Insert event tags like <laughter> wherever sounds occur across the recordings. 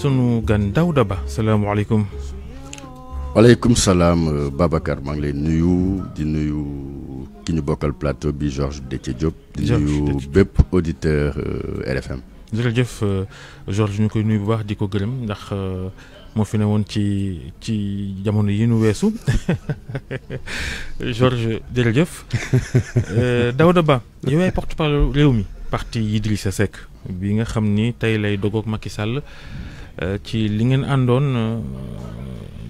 sunu gan Daouda Ba Alaykum waaleykum salaam euh, Babacar maa ngi lay nuyu di nuyu ki ñu bokkal plateau bi Georges Déthié Diop. di nuyu bépp auditeur euh, RFM. jërëjëf euh, Georges ñu koy nuyu bu baax di ko gërëm ndax. moo fi ne woon ci ci jamono yi nu weesu <laughs> Georges jërëjëf <laughs> Daouda Ba yow porte-parole réew mi parti Idrissa Seck bi nga xam ni tey lay dogoog Macky Sall Euh, ci li ngeen àndoon euh,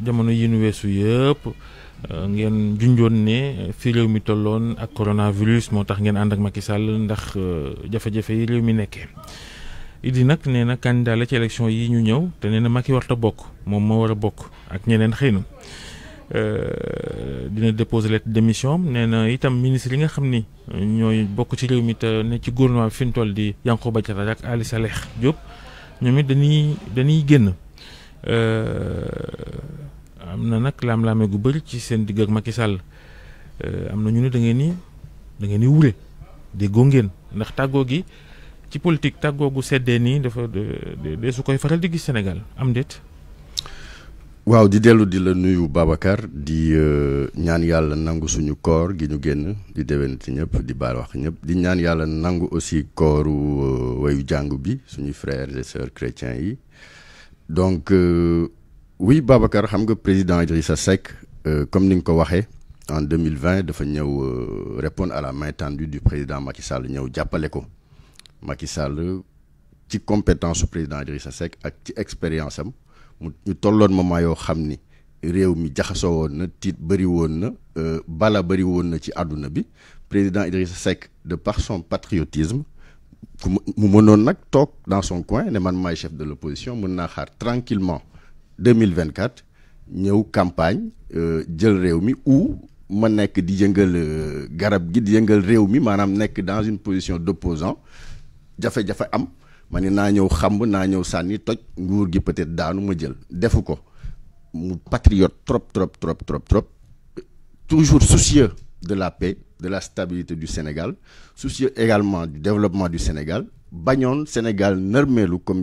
jamono yi nu weesu yëpp euh, ngeen junjoon ne fi réew mi tolloon ak coronavirus moo tax ngeen ànd ak Macky sàll ndax jafe-jafe yi réew mi nekke Idi nag nee na candidat la ci élection yi ñu ñëw te nee na Macky warta bokk moom moo war a bokk ak ñeneen xëy na dina déposer lettre de démission nee na itam ministre yi nga xam ni ñooy bokk ci réew mi te ne ci gouvernement bi fi ñu toll di Yankhoba Diattara ak Ali Saleh Diop ñoom it dañuy dañuy génn euh, am na nag laam-laame gu bëri ci seen digg ak Macky Sall euh, am na ñu ne da ngeen ni da ngeen ni wure déggoo ngeen ndax tàggoo gi ci politique tàggoo gu seddee nii dafa de su koy faral di gis Sénégal am déet. waaw di dellu di la nuyu Babacar di euh, ñaan yàlla nangu suñu koor gi ñu génn di déwénati ñëpp di baal wax ñëpp di ñaan yàlla nangu aussi kooru euh, wayu jàngu bi suñu frères et sœurs chrétiens yi donc euh, oui Babacar xam nga président Idrissa Seck comme ni nga ko waxee en 2020 dafa ñëw répondre à la main tendue du président Macky Sall ñëw jàppale ko Macky ci compétence président Idrissa Seck ak ci expérience am mu tolloon moment yoo xam ni réew mi jaxasoo woon na tiit bëri woon na euh, bala bëri woon na ci àdduna bi président Idrissa Seck de par son patriotisme mu mënoon nag toog dans son coin ne man maay chef de l'opposition mën naa xaar tranquillement 2024 ñëw campagne euh, jël réew mi ou ma nekk di yëngal euh, garab gi di yëngal réew mi maanaam nekk dans une position d'opposant jafe-jafe am je suis un peut-être patriote trop trop trop trop trop toujours soucieux de la paix de la stabilité du Sénégal soucieux également du développement du Sénégal Sénégal comme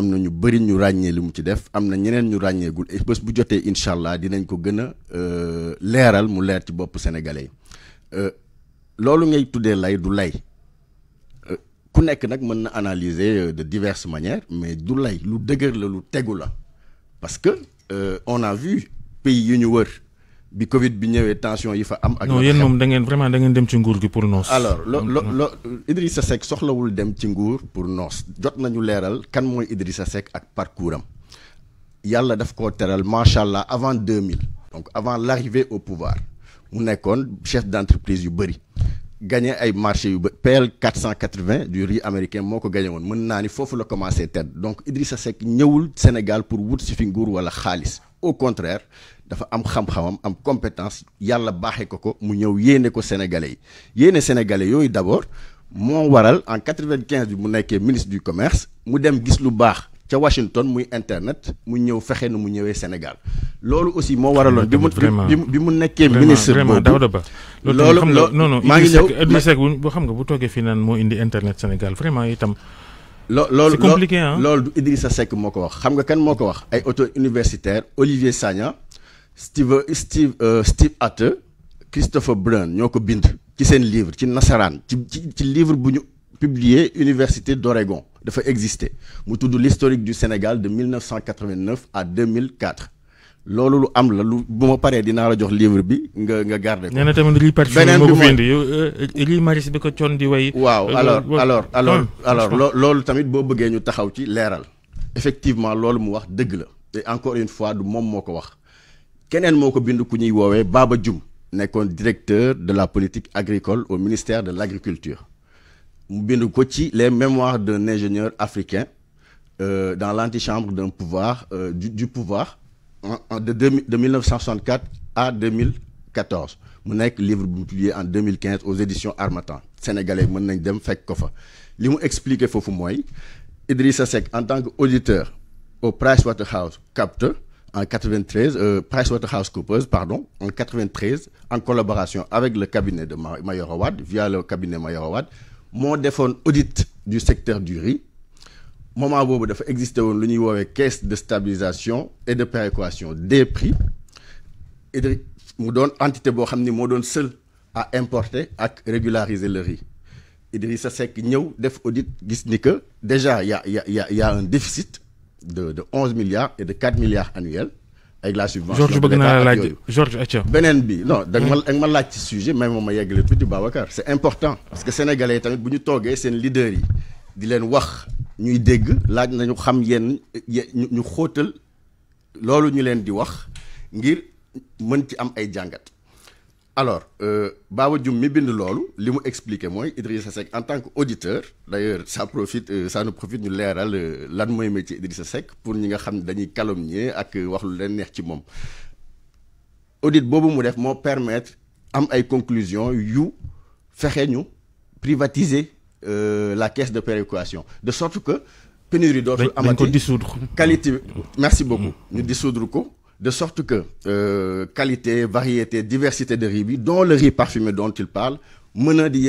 am na ñu bëri ñu ràññee li mu ci def am na ñeneen ñu ràññeegul et bés bu jotee incha allah dinañ ko gën a euh, leeral mu leer ci bopp sénégalais yi euh, loolu ngay tuddee lay du lay euh, ku nekk nag mën na analyser de diverse manières mais du lay lu dëgër la lu tegu la parce que on a vu pays yu ñu wër. bi Covid bi ñëwee tension yi fa am. ak non yéen moom da ngeen vraiment da ngeen dem ci nguur gi pour noos. alors lo lo lo Idrissa Seck soxlawul dem ci nguur pour noos jot nañu leeral kan mooy Idrissa Seck ak parcours am yàlla daf koo teral macha allah avant 2000. donc avant l'arrivée au pouvoir mu nekkoon chef d'entreprise yu bëri gagné ay marché yu PL 480 du riz américain moo ko gagné woon mën naa ni foofu la commencé tedd donc Idrissa Seck ñëwul Sénégal pour wut si fi nguur wala xaalis au contraire dafa am xam-xamam am compétence yalla baxé ko ko mu ñew yéné ko sénégalais yéné sénégalais yoy d'abord mo waral en 95 bi mu nekkee ministre du commerce mu dem gis lu bax ca Washington muy internet mu ñew fexé nu mu ñewé Sénégal lolu aussi mo waraloon. bi mu bi mu nekkee ministre boobu vraiment Ba. loolu loo maa ngi ñëw Idrissa Seck bu xam nga bu toogee fi nan mo indi internet Sénégal vraiment itam c'est compliqué hein lol du Idrissa Seck moko wax xam nga kan moko wax ay auto universitaire Olivier Sagna Steve Steve euh, Steve Atte Christopher Brun ñoko bind ci sen livre ci Nasaran ci ci livre buñu publié Université d'Oregon dafa exister mu tuddu l'historique du Sénégal de 1989 à 2004 loolu lu am la lu bu ma paree la jox livre bi nga nga garder ko. nee na tamit lii partition moo eh, maris bi ko coon di way. waaw eh, alors alors alors alors loo loolu tamit boo bëggee ñu taxaw ci leeral. effectivement loolu mu wax dëgg la encore une fois du moom moo ko wax keneen moo ko bind ku ñuy woowee Baba n'est nekkoon directeur de la politique agricole au ministère de l'agriculture mu bind ko ci les mémoires d'un ingénieur africain euh, dans l'antichambre d'un pouvoir euh, du du pouvoir de, 1964 à 2014 Mon livre publié en 2015 aux éditions Armatan, sénégalais Mon nañ dem fekk ko fa explique Idrissa Seck en tant qu'auditeur au Pricewaterhouse euh, Coopers en 93 Waterhouse PricewaterhouseCoopers pardon en 93 en collaboration avec le cabinet de Mayer Howard via le cabinet Mayer Howard, mon défense audit du secteur du riz moment où dafa existe le niveau ñuy caisse de stabilisation et de péréquation des prix et mu donne entité boo xam ni moo seul à importer à régulariser le riz Idrissa Seck ñëw def audit gis ni que déjà il y a y a y y a un déficit de de onze milliards et de 4 milliards annuels. avec la subvention Georges bëgg naa Georges bi non hmm. da nga ma da ma ci sujet mais moom ma Babacar. c'est important parce que sénégalais tamit bu ñu toogee seen leader yi di leen wax ñuy dégg laaj nañu xam yenn ñu xóotal loolu ñu leen di wax ngir mën ci am ay jàngat alors euh, Baba Dioum mi bind loolu li mu expliqué mooy Idrissa Seck en tant que auditeur d'ailleurs ça profite euh, ça nous profite ñu leeral euh, lan mooy métier Idrissa Seck pour ñi nga xam ne dañuy calomnier ak wax lu leen neex ci moom audit boobu mu def moo permettre am ay conclusions yu fexe ñu privatiser euh, la caisse de péréquation. De sorte que pénurie d'offres merci mm-hmm. beaucoup Nous dissoudre de sorte que euh, qualité variété diversité de riz dont le riz parfumé dont il parle menant dit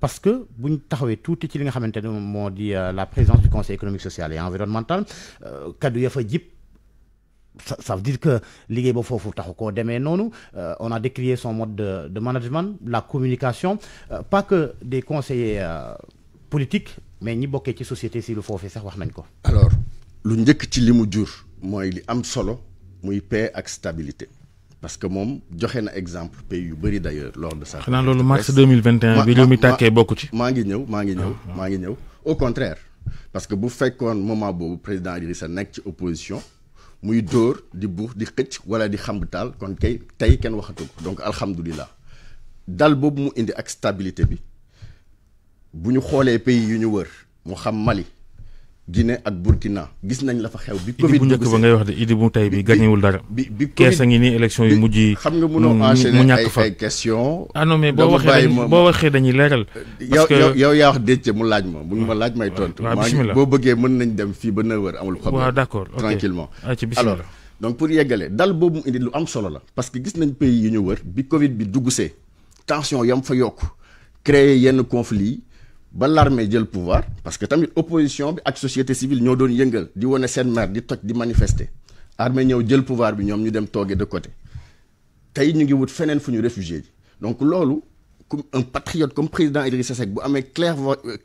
parce que vous on tout tout li nga euh, la présence du conseil économique social et environnemental euh, kaddu ça veut dire que liggéey ba foofu euh, on a décrié son mode de de management la communication pas que des conseillers politiques mais ñi sociétés, ci société si le foofee sax wax nañ ko. alors lu qui ci li mu jur mooy li am solo muy paix ak stabilité parce que mom joxe na exemple pays yu bëri d'ailleurs lors de sa xanaa loolu mars 2021 bi réew také tàkkee bokku ci maa ngi ñëw maa ngi ñew ah, ah. ngi au contraire parce que bu fekkoon moment boobu président Idrissa nekk ci opposition muy dóor di buux di xëcc wala di xambtaal kon kay tey kenn waxatu donc alhamdoulillah dal bobu mu indi ak stabilité bi buñu xolé pays yu ñu wër mu xam Mali Guinée ak Burkina gis nañ la fa xew. bi Covid bu njëkk ba ngay wax de Idi bu tay bi gagné wul dara. bi bi Covid kees a ngi nii élection yu mujj xam nga mëno enchaîner ay ay question ah non mais bo waxé boo waxee dañuy leeral. parce que yow yow ya wax décce mu laaj ma bu ma laaj may tontu. bo bëggé boo mën nañ dem fi ba 9h amul problème. waaw d' ok tranquillement ah, alors donc pour yégalé dal boobu mu indi lu am solo la. parce que gis nañ pays yu ñu wër bi Covid bi dugg see tension yam fa yok créer yenn conflit ba l'armée jël pouvoir parce que tamit opposition bi ak société civile ñoo doon yëngal di wane seen mer di toj di manifester armée ñëw jël pouvoir bi ñoom ñu dem de côté tey ñu ngi wut feneen fu ñu réfugié donc loolu un patriote comme président Idrissa Seck bu amee clair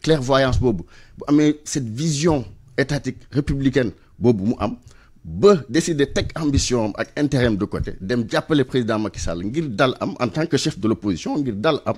clairvoyance boobu bu amee cette vision étatique républicaine boobu mu am ba décider teg ambition ak intérêt de côté dem jàppale président Macky Sall ngir dal am en tant que chef de l'opposition ngir dal am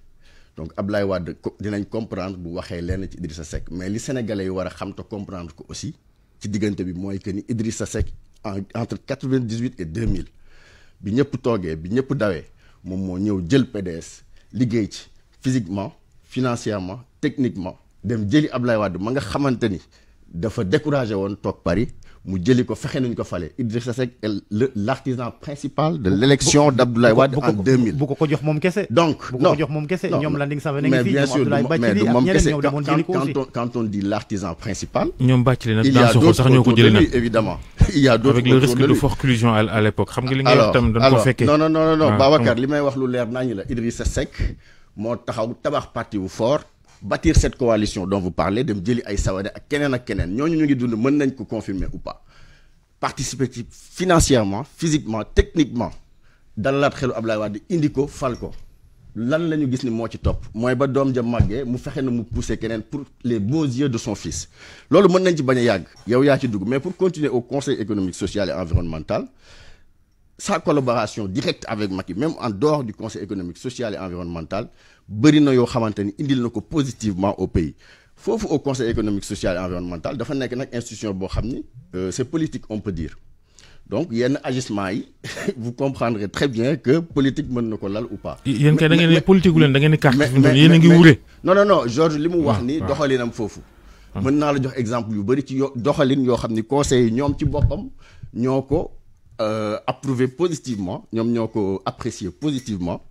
donc Abdoulaye Wade dinañ comprendre bu ci mais li sénégalais yi comprendre aussi ci digënté bi entre 1998 et 2000, bi ñëpp toogee bi ñëpp mom physiquement financièrement techniquement dem jëli Abdoulaye Wade ma nga dafa Paris mu jëli ko fexe principal de l'élection en 2000 donc quand on dit l'artisan principal a évidemment il y a d'autres avec le risque de forclusion à l'époque xam non, non non non non ah, Babacar non, wax lu leer la bâtir cette coalition dont vous parlez de jëli ay à ak à ak confirmer ou pas participer financièrement physiquement techniquement dans de lan la gis ni mo ci top moy ba mu pousser pour les bons yeux de son fils mën nañ ci baña yag yow ci mais pour continuer au conseil économique social et environnemental sa collaboration directe avec Maki, même en dehors du conseil économique social et environnemental il na que nous positivement au pays Fofu au conseil économique social et environnemental dafa nekk une institution qui euh, c'est politique on peut dire donc il y a un agissement <laughs> vous comprendrez très bien que politique ne peut ou pas. Il y a une politique qui une da ngeen carte a non non non Georges ce que wax ah, ni ah. doxalinam foofu. Ah. mën naa la jox exemple yu bëri ci il doxalin a un conseil qui ci euh, approuvé positivement nous avons apprécié positivement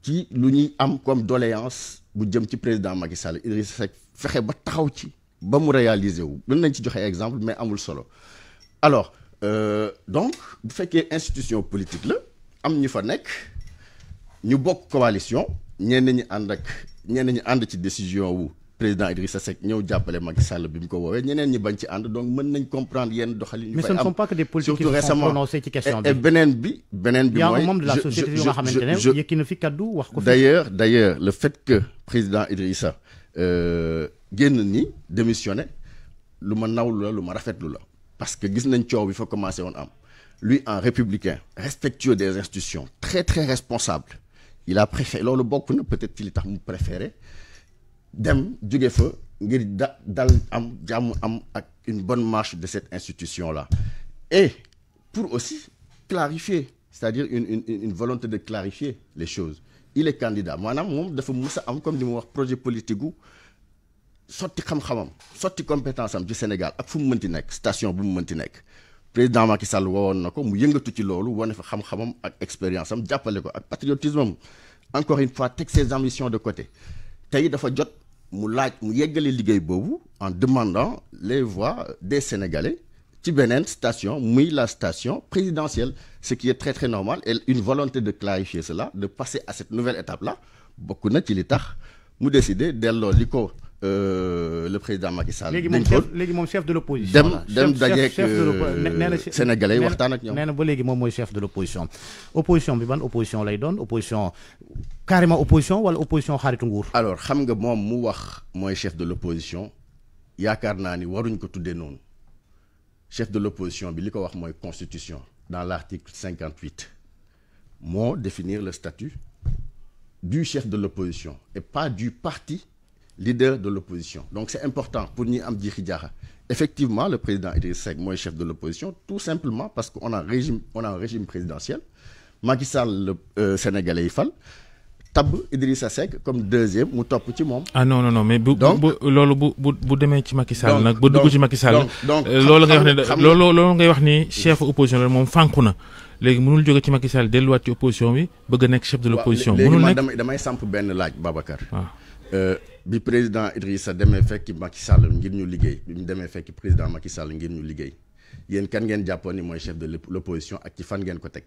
qui nous a comme doléance bu jëm président Macky Sall Idrissa fait beaucoup ba taxaw ci ba mu réaliser wu mën nañ ci exemple mais amul solo alors euh, donc bu fekkee institution politique nous am ñu fa coalition qui ñi ànd ak décision président Idrissa Seck ñeu jappalé Macky Sall bi ko wowe ñeneen ñi bañ ci and donc mën nañ comprendre yenn doxalin yu. mais ce ne sont pas que des politiques qui sont prononcés ci question bi benen bi. benen bi mooy mom de la société yo nga xamante na fi kaddu wax ko. d'ailleurs d'ailleurs le fait que président Idrissa euh, genn ni démissionné luma ma nawlu la lu la. parce que gis nañ ciow bi fa commencé won am lui un républicain respectueux des institutions très très responsable il a préféré loolu bokk na peut-être qu'il li tax mu préféré dem jóge fa ngir dal am am ak une bonne marche de cette institution là et pour aussi clarifier c'est-à-dire une une une volonté de clarifier les choses il est candidat mon je dafa mus am comme li wax projet politique ou sorti xam-xamam sorti compétence am du Sénégal ak fu mu mënti station bu mu président Macky Sall a fait une mu yëngatu ci lolu fa xam ak expérience am jappalé ko patriotisme encore une fois teg ses ambitions de côté fait dafa jot en demandant les voix des Sénégalais ci station oui la station présidentielle ce qui est très très normal et une volonté de clarifier cela de passer à cette nouvelle étape là beaucoup na ci li tax décider euh, le président Macky Sall. léegi moom chef chef de l'opposition. opposition. dem dem dajeeg euh, sénégalais waxtan ak ñom néna na ba léegi moom chef de l'opposition. opposition. bi ban opposition lay doon opposition carrément opposition wala opposition xaaritu nguur. alors xam nga mom mu wax moy chef de l'opposition, opposition yaakaar ni waruñ ko tuddee non chef de l'opposition, bi liko wax moy constitution. dans l'article 58. cinquante définir le statut du chef de l'opposition et pas du parti leader de l'opposition. Donc c'est important pour nous, Amdi Khidjara. Effectivement, le président Idriss Seck, moi, chef de l'opposition, tout simplement parce qu'on a, régime, on a un régime présidentiel. Macky Sall, le euh, Sénégalais, il fall. tab Idrissa Seck comme deuxième mu top ci moom. ah non non non mais bu bu bu ci Macky Sall nag. bu ci Macky Sall donc euh, loolu ngay wax ne loolu loolu ngay wax ni chef opposition la moom les na léegi mënul jóge ci Macky Sall delluwaat ci opposition bi bëgg chef de l'opposition, opposition. mënul nekk léegi man damay ben samp benn Babacar. Ah. Euh, bi président Idrissa demé fek Macky Sall ngir ñu liggéey bi mu fek fekki président Macky Sall ngir ñu liggéey yeen kan ngeen jàppoon ni chef de l'opposition ak ci fan ngeen ko tek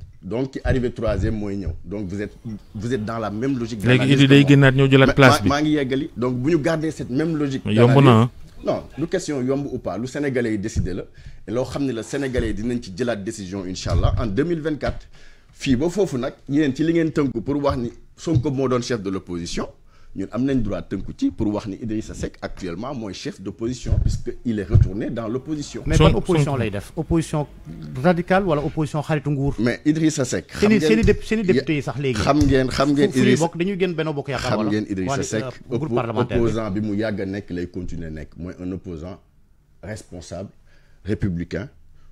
donc arrivé troisième moyen. ñeu donc vous êtes vous êtes dans la même logique. place donc vous garder cette même logique. Hein? non lu question yomb ou pas le sénégalais yi décidé la loo xam le la sénégalais dinañ ci jëlat décision inchallah en 2024 fibo ba foofu nag yéen ci li ngeen pour wax ni Sonko mo doon chef de l'opposition ñun am nañ droit tënku ci pour wax ni Idrissa Seck actuellement mooy chef d'opposition puisque il est retourné dans l'opposition mais ban opposition lay def opposition radicale wala opposition xaritu Ngour mais Idrissa Seck c'est i seen i député yi sax léegi xam ngeen xam ngeen Idrissa bokk dañuy gën benn bokk yaakaar xam ngeen Idrissa Seck opposant bi mu yàgg a nekk lay continuer nekk mooy un opposant responsable républicain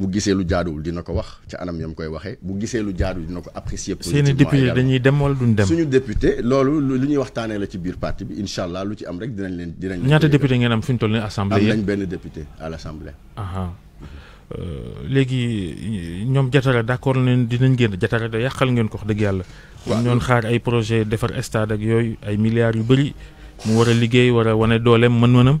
bu gisee lu jaaduwul dina ko wax ci anam yam koy waxee bu gisee lu jaaduwul dina ko apprécier. politiquement seen député dañuy dem wala duñ dem. suñu député loolu lu ñuy waxtaanee la ci biir parti bi incha allah lu ci am rek dinañ leen. dinañ leen ñaata député ngeen am fi ñu toll nii assemblée am nañ benn député à l' assemblée. Euh, léegi ñoom jatara d' accord nañ dinañ génn jatara da yàqal ngeen ko wax dëgg yàlla. waaw ñoon xaar ay projet defar stade ak yooyu ay milliards yu bëri mu war a liggéey war a wane dooleem mën-mënam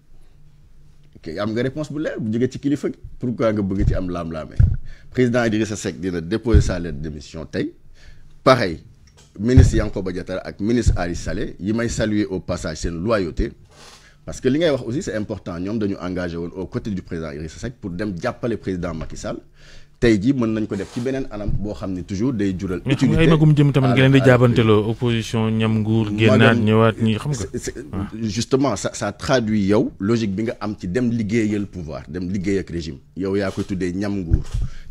ok am une réponse pour leer bu ci kilifa gi pourquoi nga bëgg ci am laam Le président Idrissa Seck dina déposer sa lettre de démission tey pareil ministre Yankhoba et ak ministre Ali Saleh yi may saluer au passage une loyauté parce que li ngay wax aussi c'est important ñoom dañu engagé woon aux côtés du président Idrissa Seck pour dem le président Macky Sall tey jii mën nañ ko def ci benen anam bo xamni toujours day jural. utilité ay magum jëm tamit ngeen di jaabanteloo opposition ñam nguur. génnaat ñëwaat ñi xam nga. Ah. justement ça ça traduit yow logique bi nga am ci dem liggéeyal pouvoir dem liggéey ak régime. yow ya koy tuddé ñam nguur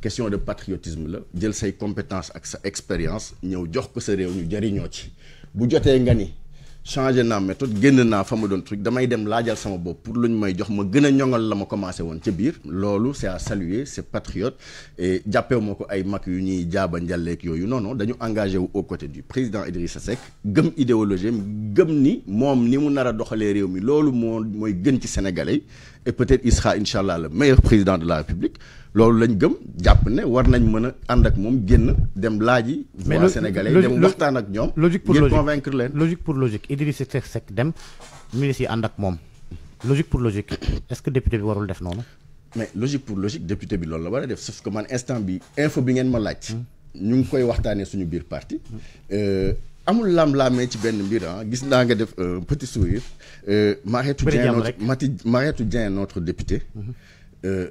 question de patriotisme la jël say compétence ak sa expérience ñëw jox ko sa réew ñu jariño ci bu joté nga ni changé na méthode génn na fa ma truc damay dem lajal sama bop pour luñ may jox ma gëna ñongal ñoŋal la ma commencé won ci bir lolu c'est à saluer c'est patriote et jàppewu moko ay mak yu ñuy jaaba njàlleek yoyu non non dañu engagé wu au côté du président Idrissa Seck gëm idéologie gëm ni mom ni mu nara a réew mi lolu moo mooy gën ci sénégalais et peut-être il sera incha le meilleur président de la République loolu lañ gëm jàpp ne war nañ mën a ànd ak moom génn dem laaji voix sénégalais dem waxtaan ak ñoom logique pour logique convaincre leen logique pour logique Idrissa sek dem ministre yi ànd ak moom logique pour logique est-ce que député bi warul def noonu mais logique pour logique député bi loolu la war a def sauf que man instant bi info bi ngeen ma laaj ñu ngi koy waxtaanee suñu biir parti euh, amul lam lamé ci benn mbir ah gis naa nga def un petit sourire euh, Marietou Dieng notre Mati Marietou Dieng notre député mhm. euh,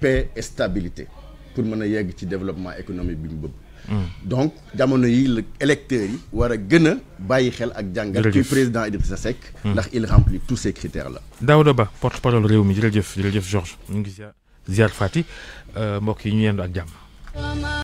paix et stabilité pour mener a ci développement économique bi hmm. donc jamono yi la électeurs yi war a gën xel ak jangal ci président Idriss Seck hmm. ndax il remplit tous ces critères là Daouda Ba porte parole réew mi jërëjëf jërëjëf Georges ñu ngi ziar Fati euh, mbokk yi ñu yendu ak jamm.